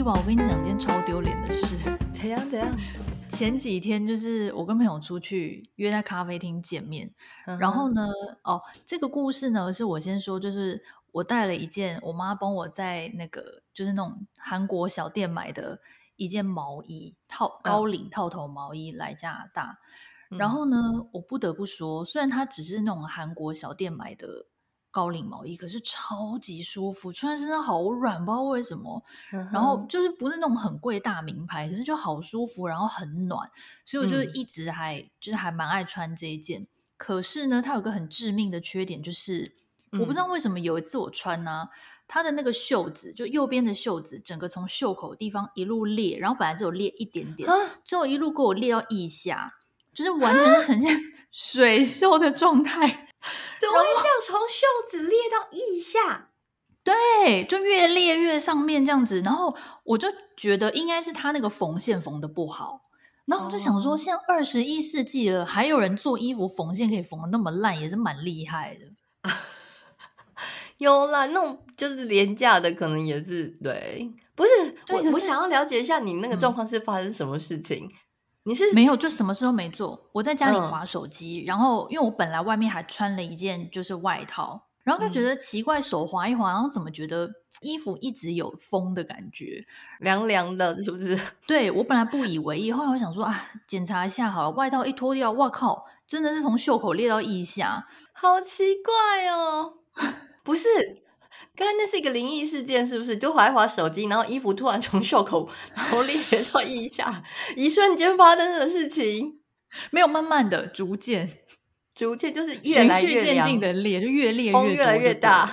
對吧，我跟你講件超丟臉的事。怎樣怎樣？前幾天就是我跟朋友出去約在咖啡廳見面，uh huh. 然後呢，哦，這個故事呢是我先說，就是我帶了一件我媽幫我在那個就是那種韓國小店買的一件毛衣套高領套頭毛衣來加拿大，uh huh. 然後呢，我不得不說，雖然它只是那種韓國小店買的。高領毛衣可是超級舒服，穿在身上好軟，不知道為什麼。嗯、哼然後就是不是那種很貴大名牌，可是就好舒服，然後很暖，所以我就一直還、嗯、就是還蠻愛穿這一件。可是呢，它有個很致命的缺點，就是、嗯、我不知道為什麼有一次我穿呢、啊，它的那個袖子就右邊的袖子，整個從袖口地方一路裂，然後本來只有裂一點點，最後呵一路給我裂到腋下，就是完全是呈現呵水袖的狀態。怎麼會這樣，從袖子裂到腋下？對，就越裂越上面這樣子。然後我就覺得應該是他那個縫線縫的不好。然後我就想說，現在二十一世紀了，還有人做衣服縫線可以縫的那麼爛，也是蠻厲害的。 有啦，那種就是廉價的，可能也是對。不是，對我是我想要了解一下你那個狀況是發生什麼事情。嗯你是沒有，就什麼事都沒做。我在家裡滑手機，嗯、然後因為我本來外面還穿了一件就是外套，然後就覺得奇怪，嗯、手滑一滑，然後怎麼覺得衣服一直有風的感覺，涼涼的，是不是？對，我本來不以為意，後來我想說啊，檢查一下好了。外套一脫掉，哇靠，真的是從袖口裂到腋下，好奇怪哦！ 不是。剛才那是一個靈異事件，是不是？就劃一劃手機，然後衣服突然從袖口然後裂,裂到腋下， 一瞬間發生的事情，沒有慢慢的逐漸，逐漸就是越來越循序漸進的裂，就越裂越,越來越大，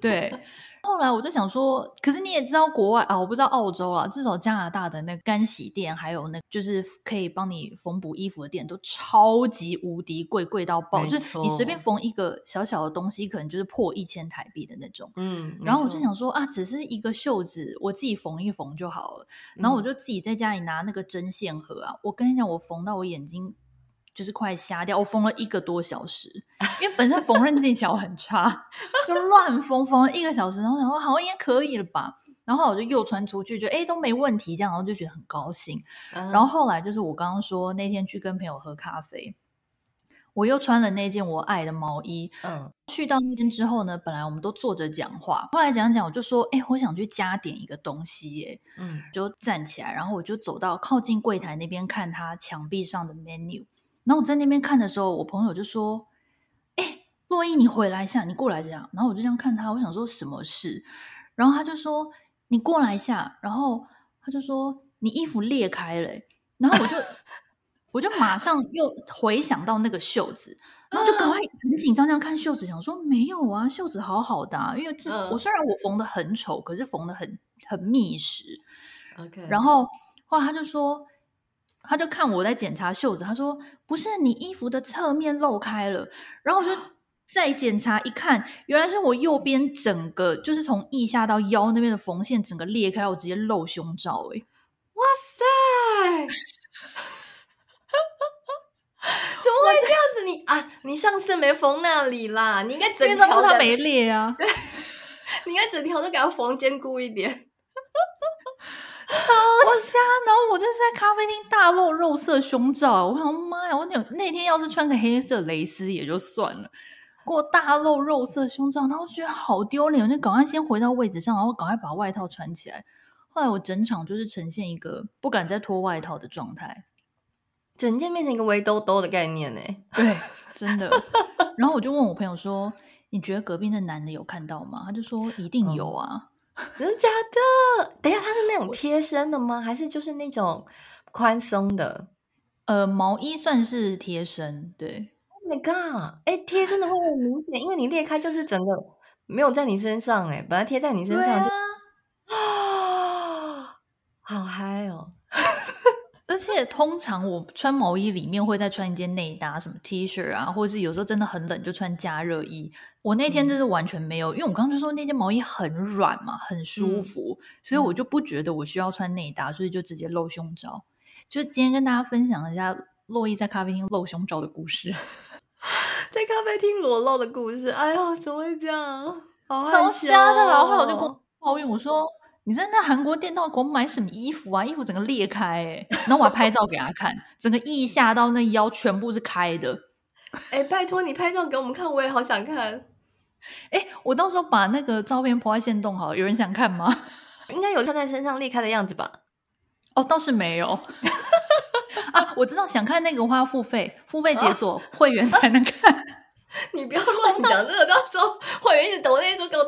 對。 後來我就想說，可是你也知道國外啊，我不知道澳洲了，至少加拿大的那個乾洗店，還有那就是可以幫你縫補衣服的店，都超級無敵貴，貴到爆，沒錯。就是你隨便縫一個小小的東西，可能就是破一千台幣的那種。嗯，然後我就想說啊，只是一個袖子，我自己縫一縫就好了。然後我就自己在家裡拿那個針線盒啊，嗯、我跟你講，我縫到我眼睛，就是快瞎掉，我縫了一個多小時，因為本身縫紉技巧很差， 就亂縫縫了一個小時，然後想說好像應該可以了吧，然後我就又穿出去，就哎、欸、都沒問題，這樣然後就覺得很高興。嗯、然後後來就是我剛剛說那天去跟朋友喝咖啡，我又穿了那件我愛的毛衣。嗯，去到那邊之後呢，本來我們都坐着講話，後來講講我就說，哎、欸，我想去加點一個東西耶，哎，嗯，就站起來，然後我就走到靠近櫃檯那邊，看他牆壁上的 menu。然後我在那邊看的時候，我朋友就說：“哎，洛伊，你回來一下，你過來這樣。”然後我就這樣看他，我想說什麼事？然後他就說：“你過來一下。”然後他就說：“你衣服裂開了。”然後我就 我就馬上又回想到那個袖子，然後就趕快很緊張這樣看袖子，想說沒有啊，袖子好好的啊。因為我雖然我縫的很醜，可是縫的很很密實。Okay. 然後後來他就說。他就看我在檢查袖子，他說：“不是你衣服的側面漏開了。”然後我就再檢查一看，啊、原來是我右邊整個就是從腋下到腰那邊的縫線整個裂開了，我直接露胸罩哎、欸！哇塞！怎麼會這樣子你？你 啊，你上次沒縫那裡啦？你應該整條他沒裂啊。對， 你應該整條都給它縫堅固一點。 好瞎！ 然後我就是在咖啡廳大露肉色胸罩，我想媽呀！我那那天要是穿個黑色蕾絲也就算了，過大露肉色胸罩，然後覺得好丟臉，我就趕快先回到位置上，然後趕快把外套穿起來。後來我整場就是呈現一個不敢再脫外套的狀態，整件變成一個圍兜兜的概念呢、欸。對，真的。然後我就問我朋友說：“你覺得隔壁那男的有看到嗎？”他就說：“一定有啊。嗯”真的？假的？等一下，它是那種貼身的嗎？還是就是那種寬鬆的？呃，毛衣算是貼身，對。Oh my god！哎、欸，貼身的話很明顯， 因為你裂開就是整個沒有在你身上，哎，把它貼在你身上就啊，好嗨哦。而且，而且通常我穿毛衣裡面會再穿一件內搭，什麼 T 恤啊，或者是有時候真的很冷就穿加熱衣。我那天真是完全沒有，嗯、因為我剛剛就說那件毛衣很軟嘛，很舒服，嗯、所以我就不覺得我需要穿內搭，所以就直接露胸罩。就今天跟大家分享一下洛伊在咖啡廳露胸罩的故事，在咖啡廳裸露的故事。哎呀，怎麼會這樣？超瞎、哦、的然後，後來我就抱怨我說。你在那韓國店到底買什麼衣服啊？衣服整個裂開、欸，誒。然後我還拍照給他看， 整個腋下到那腰全部是開的，哎、欸，拜託你拍照給我們看，我也好想看，哎、欸，我到時候把那個照片破壞限動好了，有人想看嗎？應該有穿在身上裂開的樣子吧？哦，倒是沒有， 啊，我知道想看那個話要付費，付費解鎖、哦，會員才能看，啊啊、你不要亂講、這個，真的。到時候會員一直抖那些說給我。